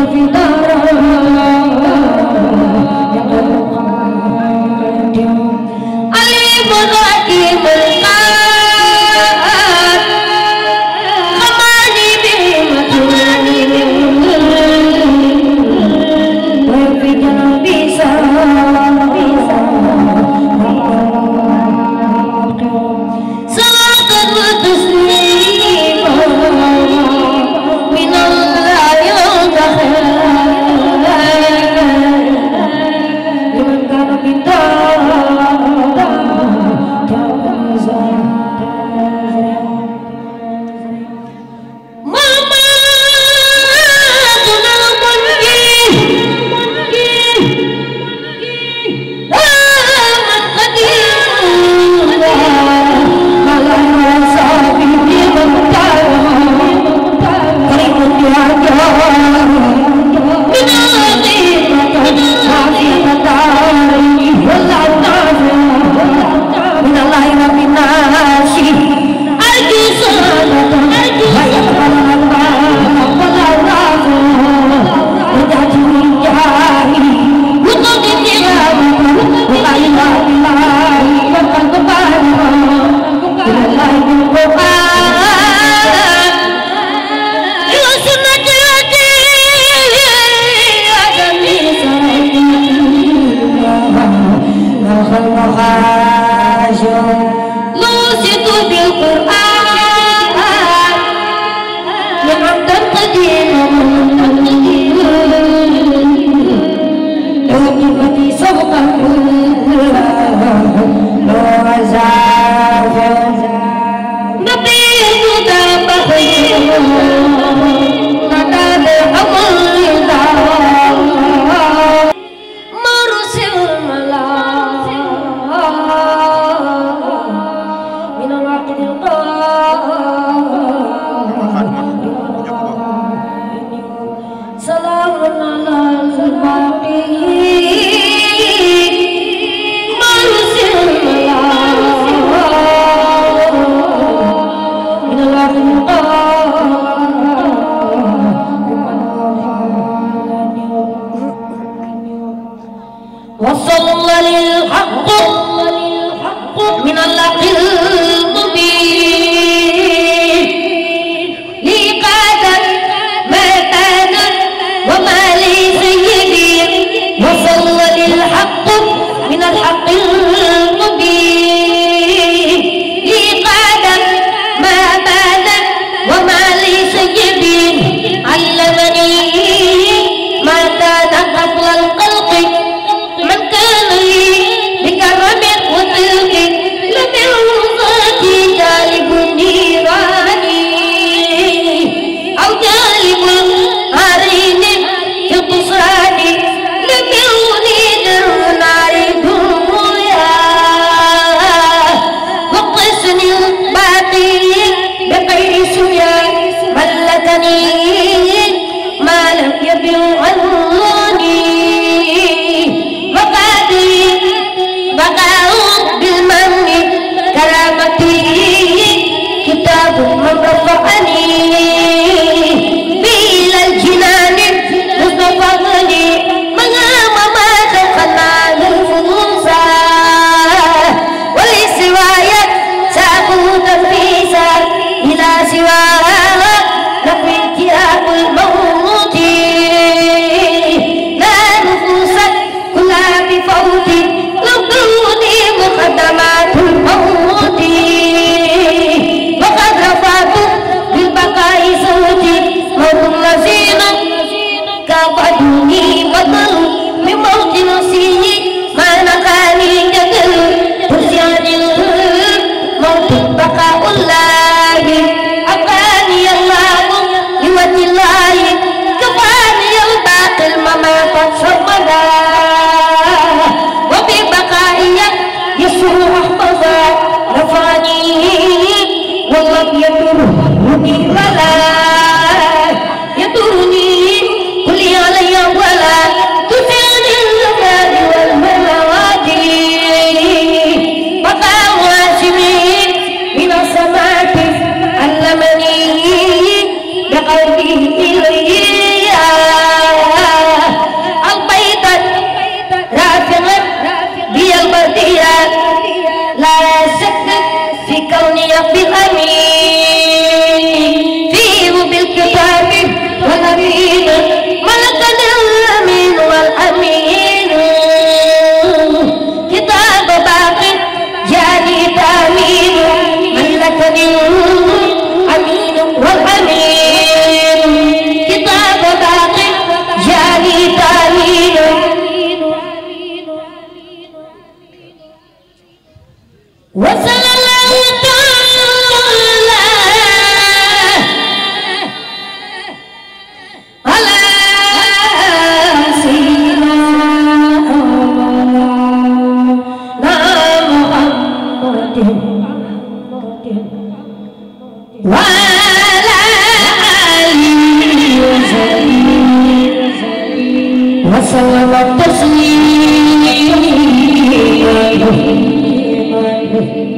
I'll the me.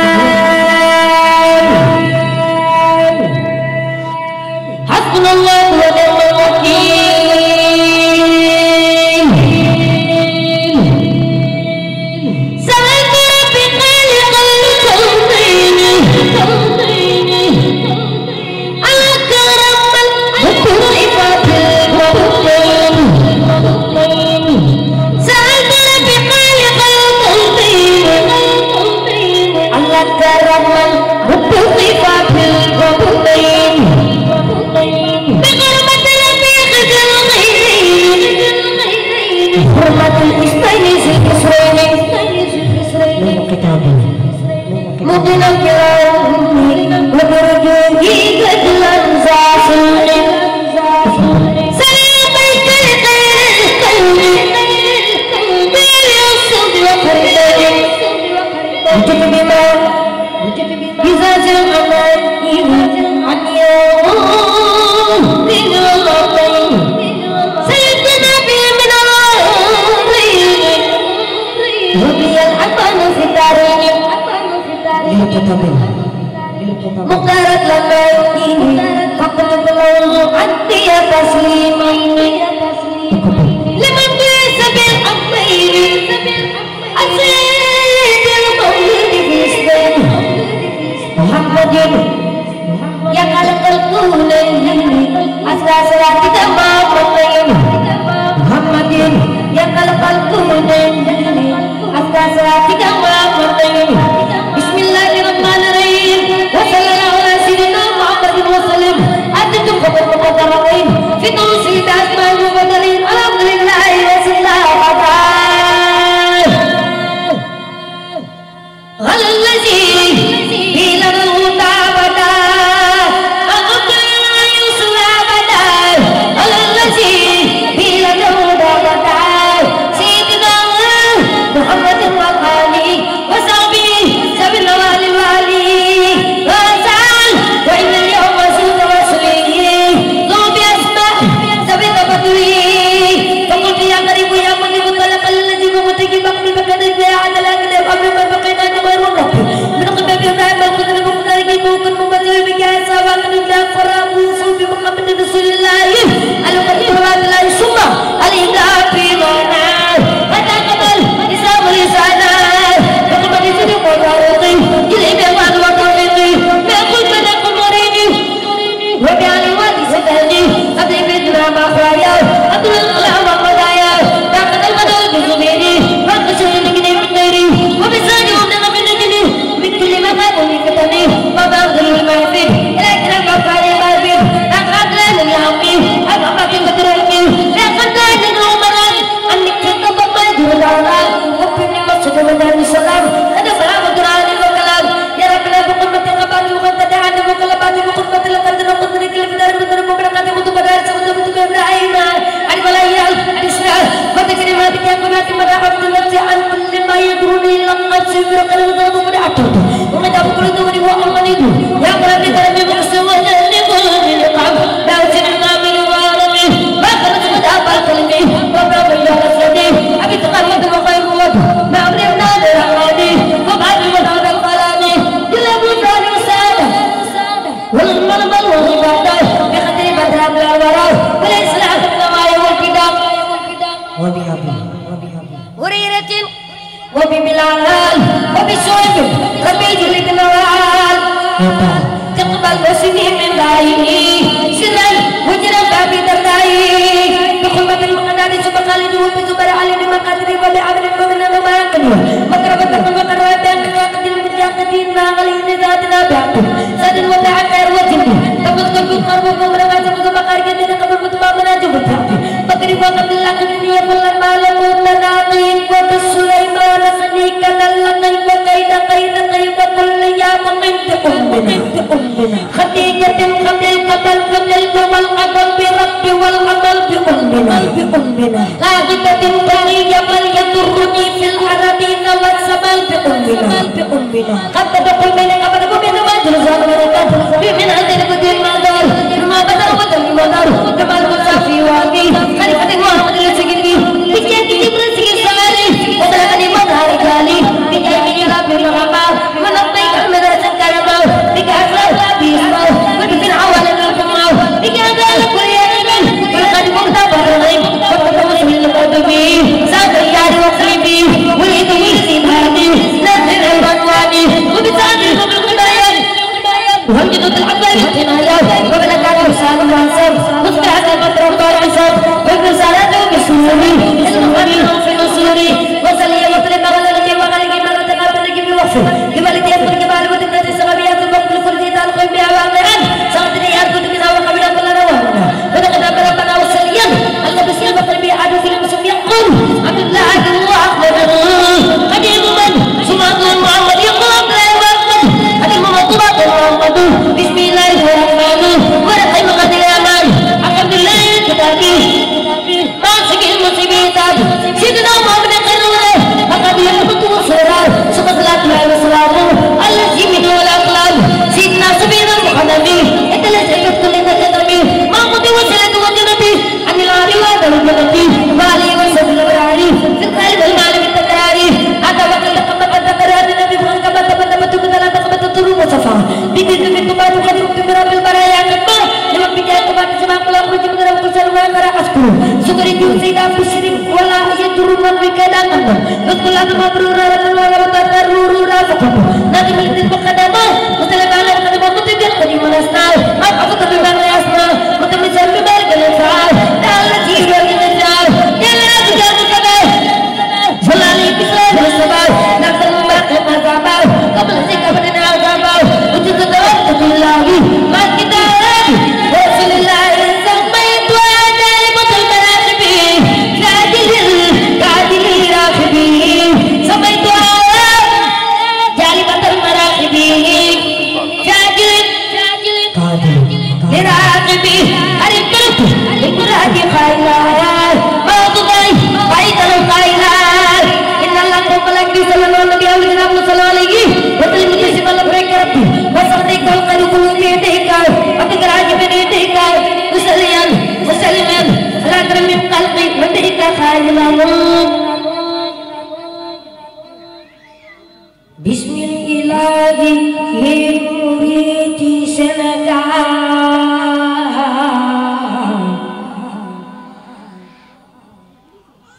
القبر مقدرة لما يديني فقد الموضوع أنت تسليما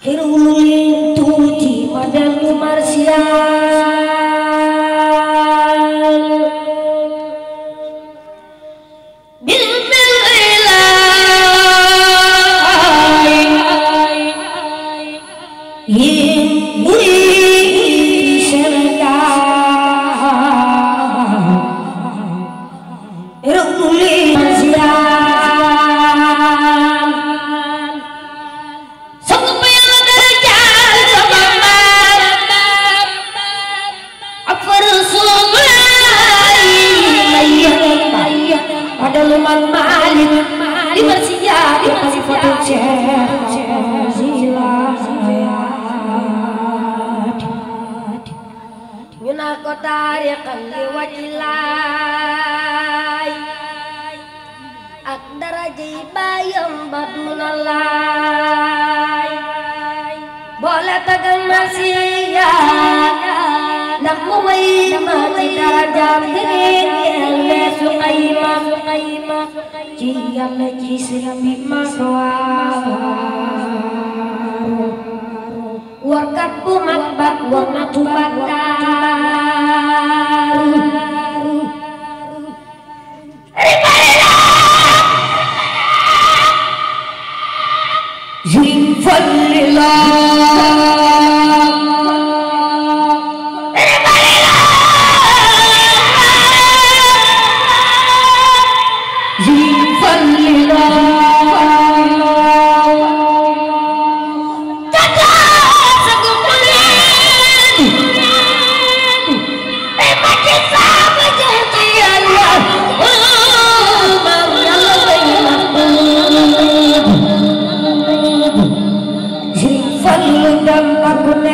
Hirulin tuji madan Marsial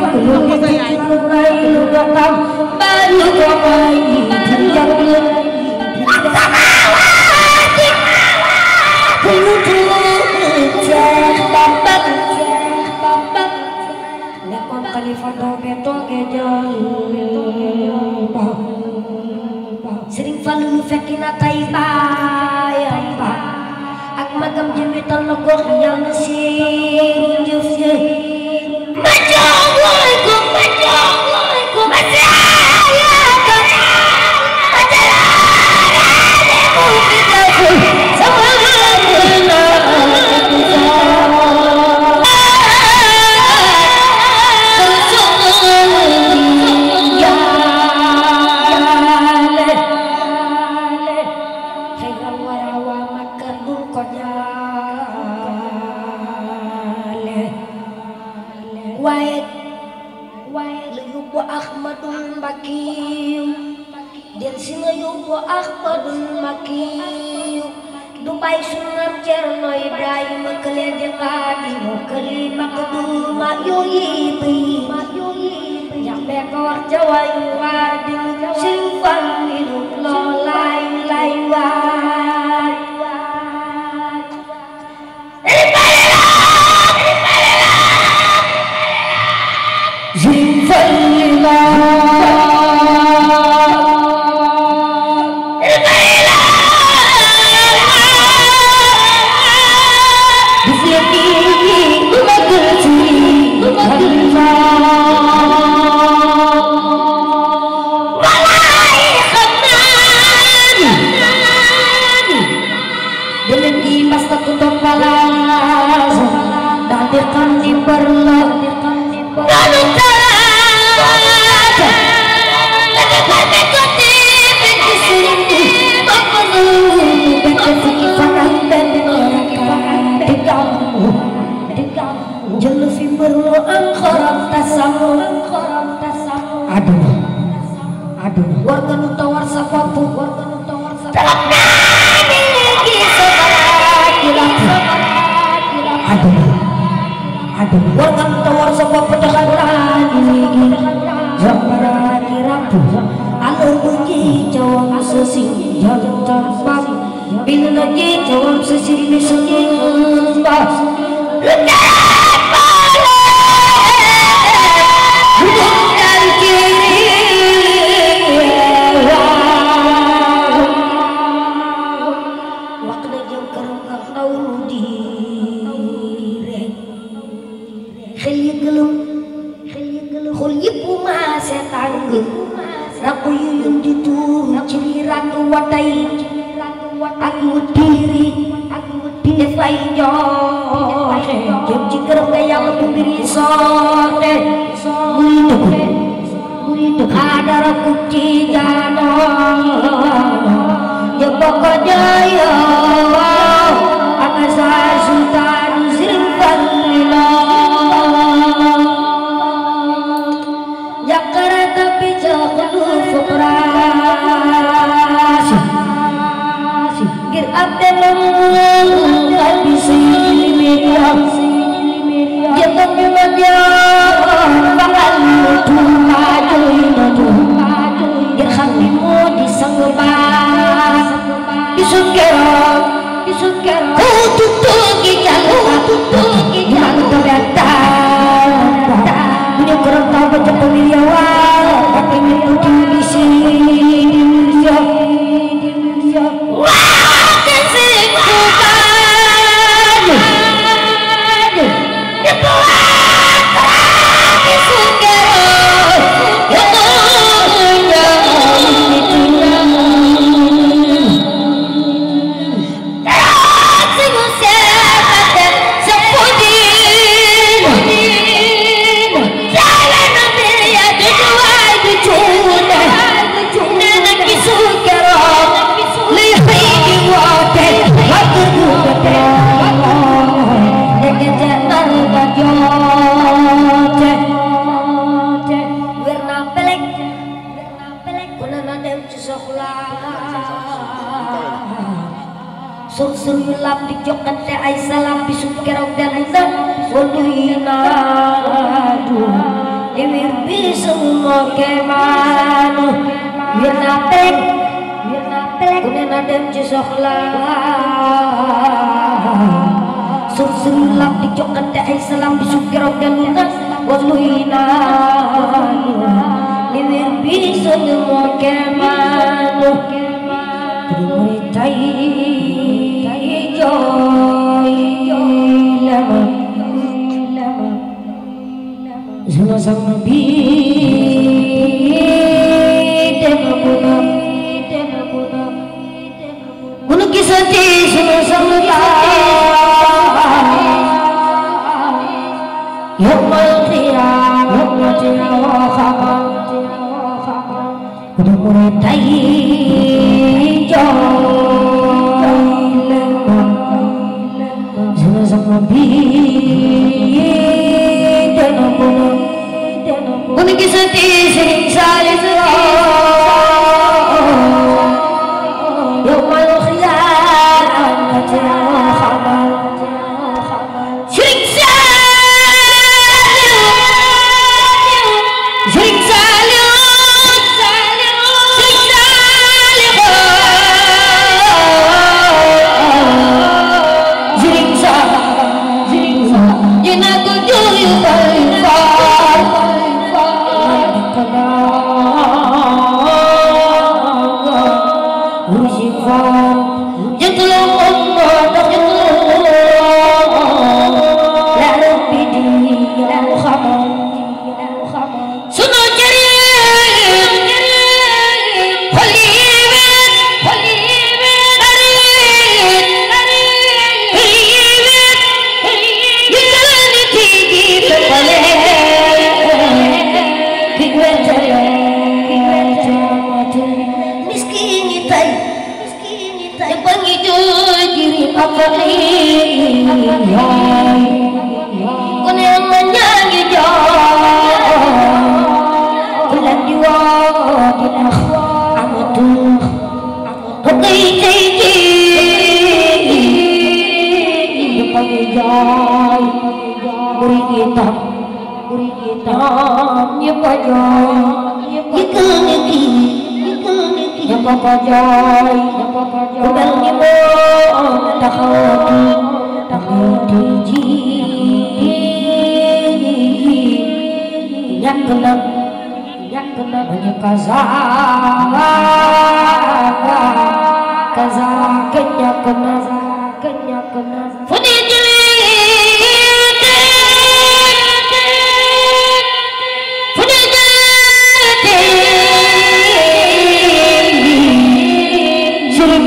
em của lương nhân thiên lương đây lương nhân công ba lương qua bay nhìn thân dân lương Thương thương cho bóng bất Bóng bất Nè con California đô bè tô ghê đơ Sering falung fekina tay bay Ak magam jimmy talong gok yang si Yuf yuf Major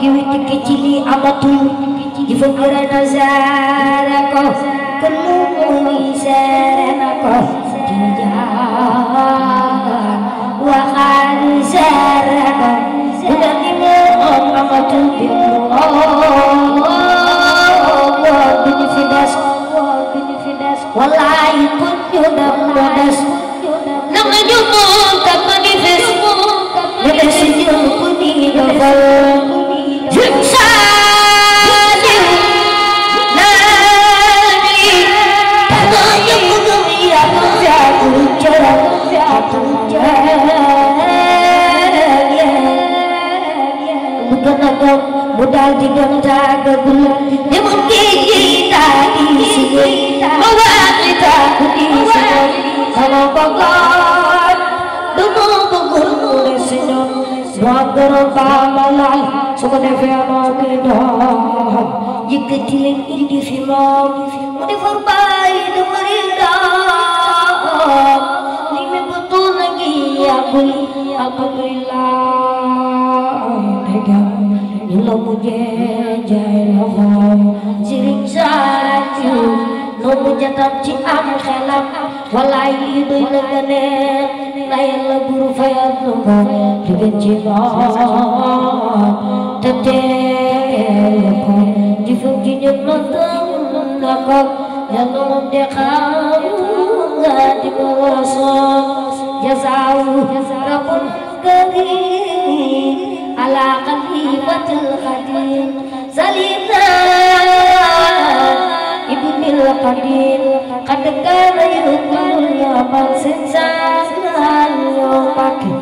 kiwiti kecili amatu ifukura nazarako kelumu isaranako tijahan wakan sarako kudakimu om apa tu Allah bin Fidas Wallahi kun yudam wadas Nang ajumu tak manifest Nang ajumu kuning dofal go mu daal di dem tàggagu la demam géej gi daa diis yi ma waa li tàggu diis yi sama bëggoon du ma bëggul mu ne si ñoom moo gënoon baa ma laal su ko defee moo koy doon yëkkati leen indi fi moom mu defar bàyyi dafa réeraa li mi bëggoon a ngi yàggul ak nomuje jai lohom jiring saraju nomuje tamci am khalam walai doy la gane na yalla buru fayal nongo digen ci non tete ko jifum ci ñep non na ko yalla mom de xaw nga di ko waso jazaahu rabbul karim Kadang-kadang yuk mulia Masih sangat Yang pagi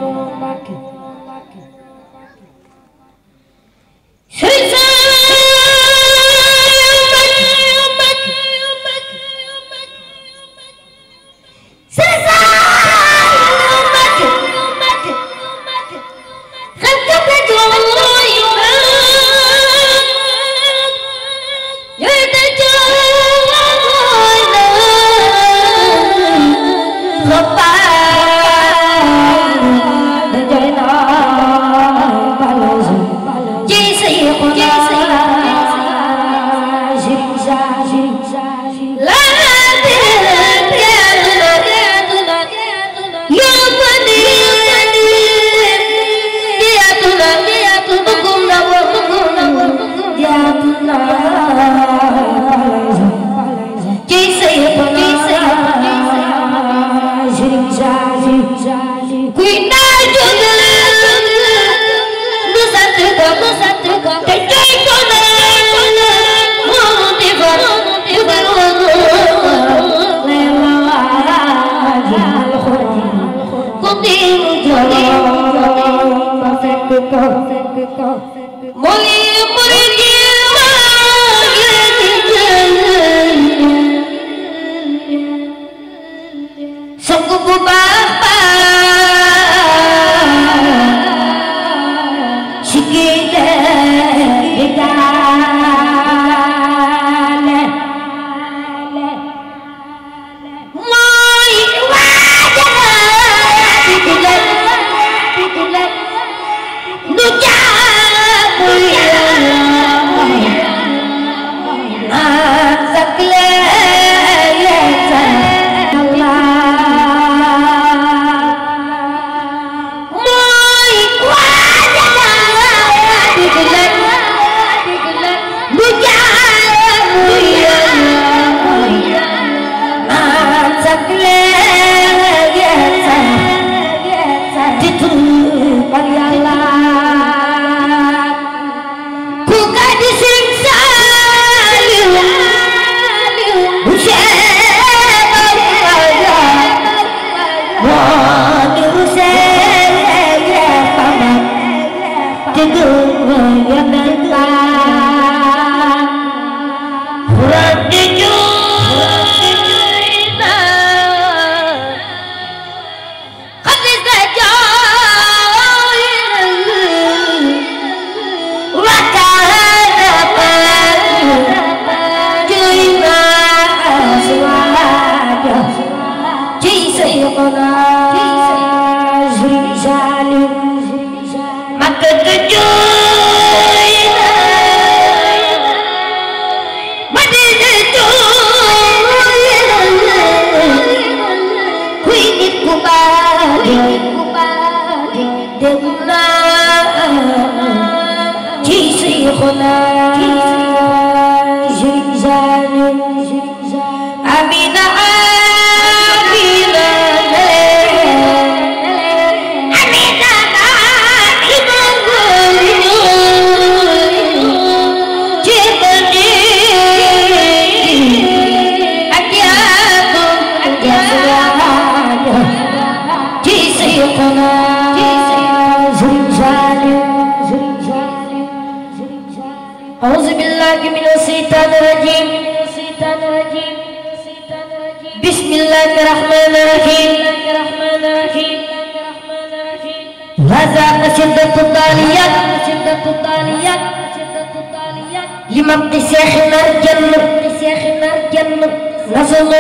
الطاليات وشدة الطاليات وشدة الطاليات يمم قساخ النار جنة قساخ النار جنة نصل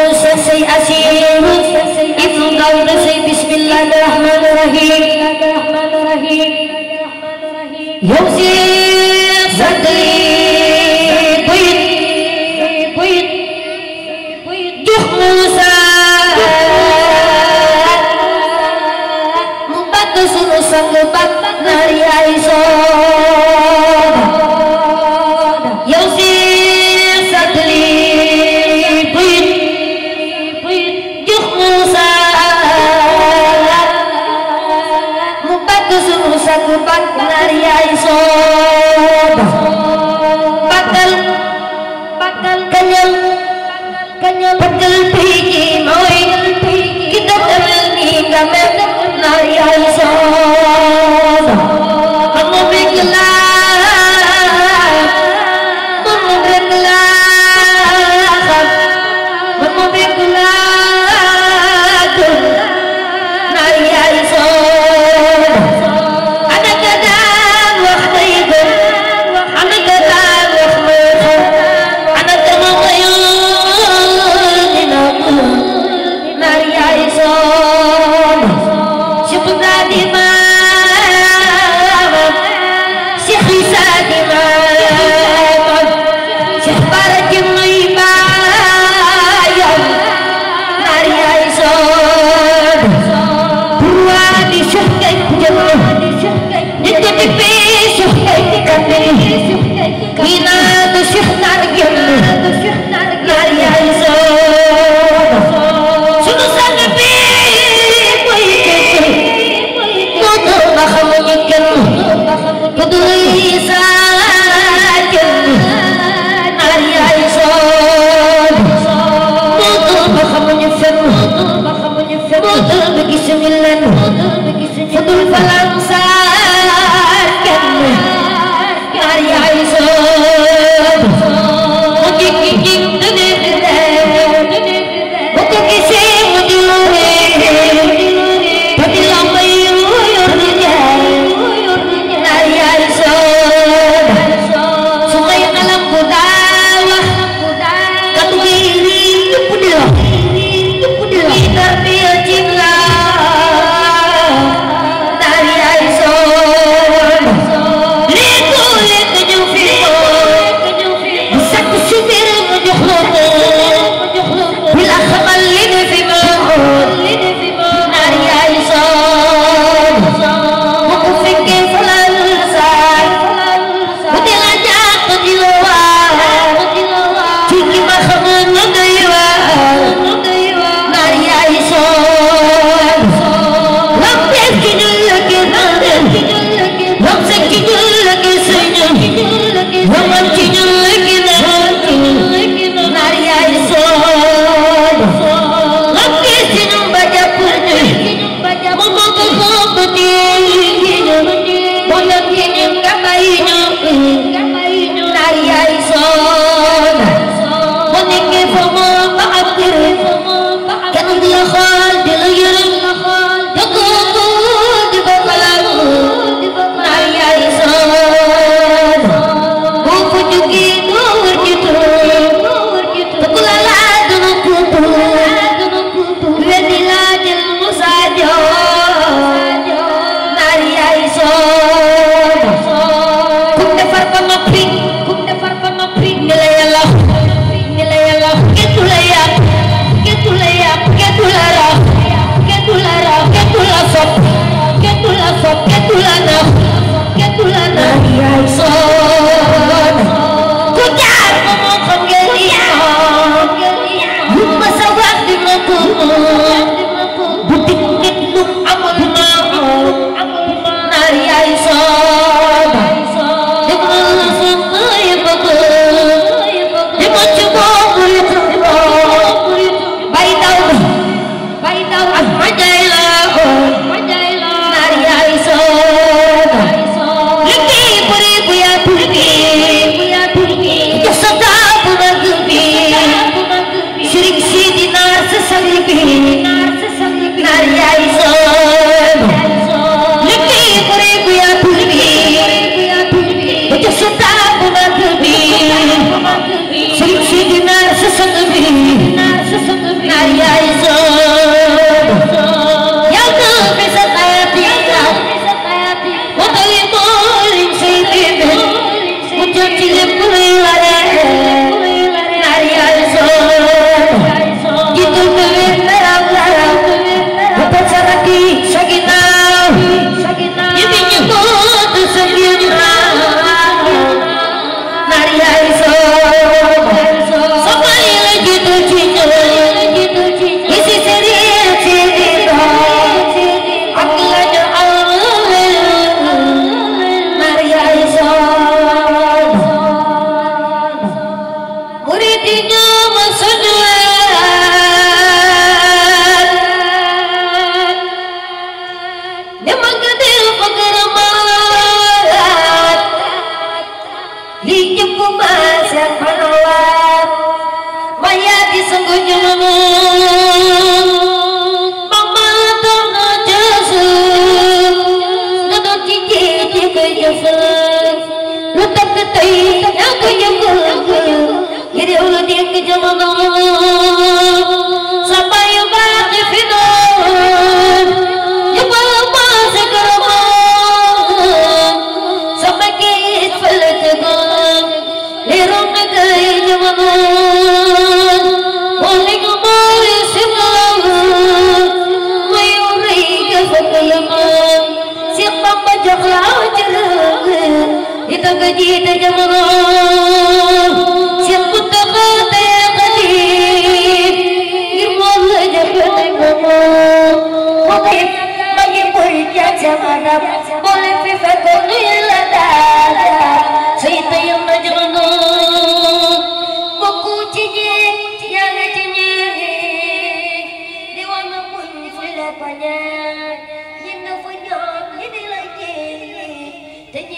سي أسير إذن قول سي بسم الله الرحمن الرحيم الرحمن الرحيم يوزي صدري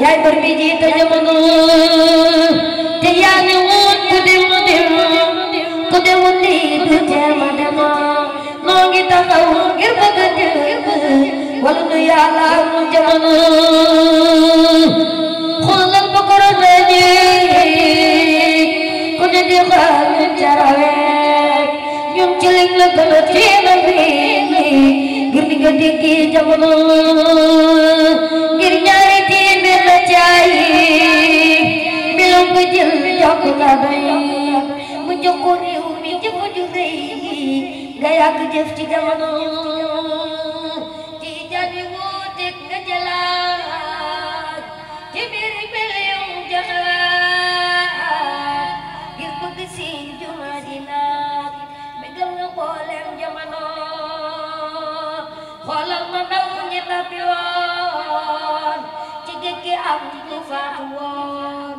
yaay bër bi jiite jamono te yaa ne woon ku dem dem ku dem lii du teem a dem noo ngi taxaw ngir bëgg a dem wala nu yàlla mu jamono xoolal ba korona ni ku ne di xaar ñu jarawe ñun ci liñ la gën a tiina bi ngir di nga dégg jamono yàgg la bay mu jox ko réew mi jëf ju rëy nga yàgg jëf ci jamono ci jaani wuuteeg nga jëlaat ci biir mbéyum jaxalaat ngir bëgg si juma di naat bégal nga mbooleem jamono xoolal ma ndaw ñi tabbi woon ci géej gi am lu fa woon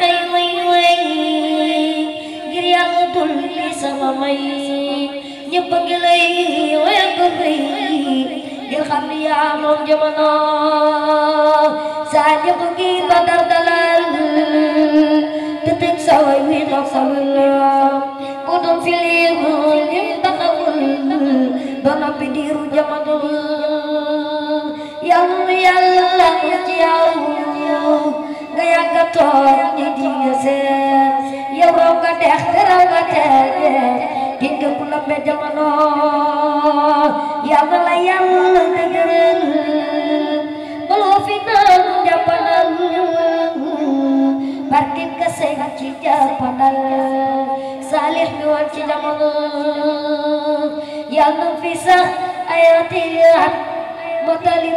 tey way way ngir yàlla dolli sama may ñëpp a ngi lay way ak rëy ngir xam ni yaa moom jamono saa ñëpp a ngi ba dar dalal te teg sa way wi dox sa wëllam bu doon fi lim lim taxawul ba noppi diiru jamono yàlla yàlla ci yow Yang nga toog ñu di saya, seet yow raw nga dex te raw di nga ku la mbe jamono yàlla la yàlla dëgëral baloo fi naan jàppanal barke nga sëy ci jàppanal saalix lim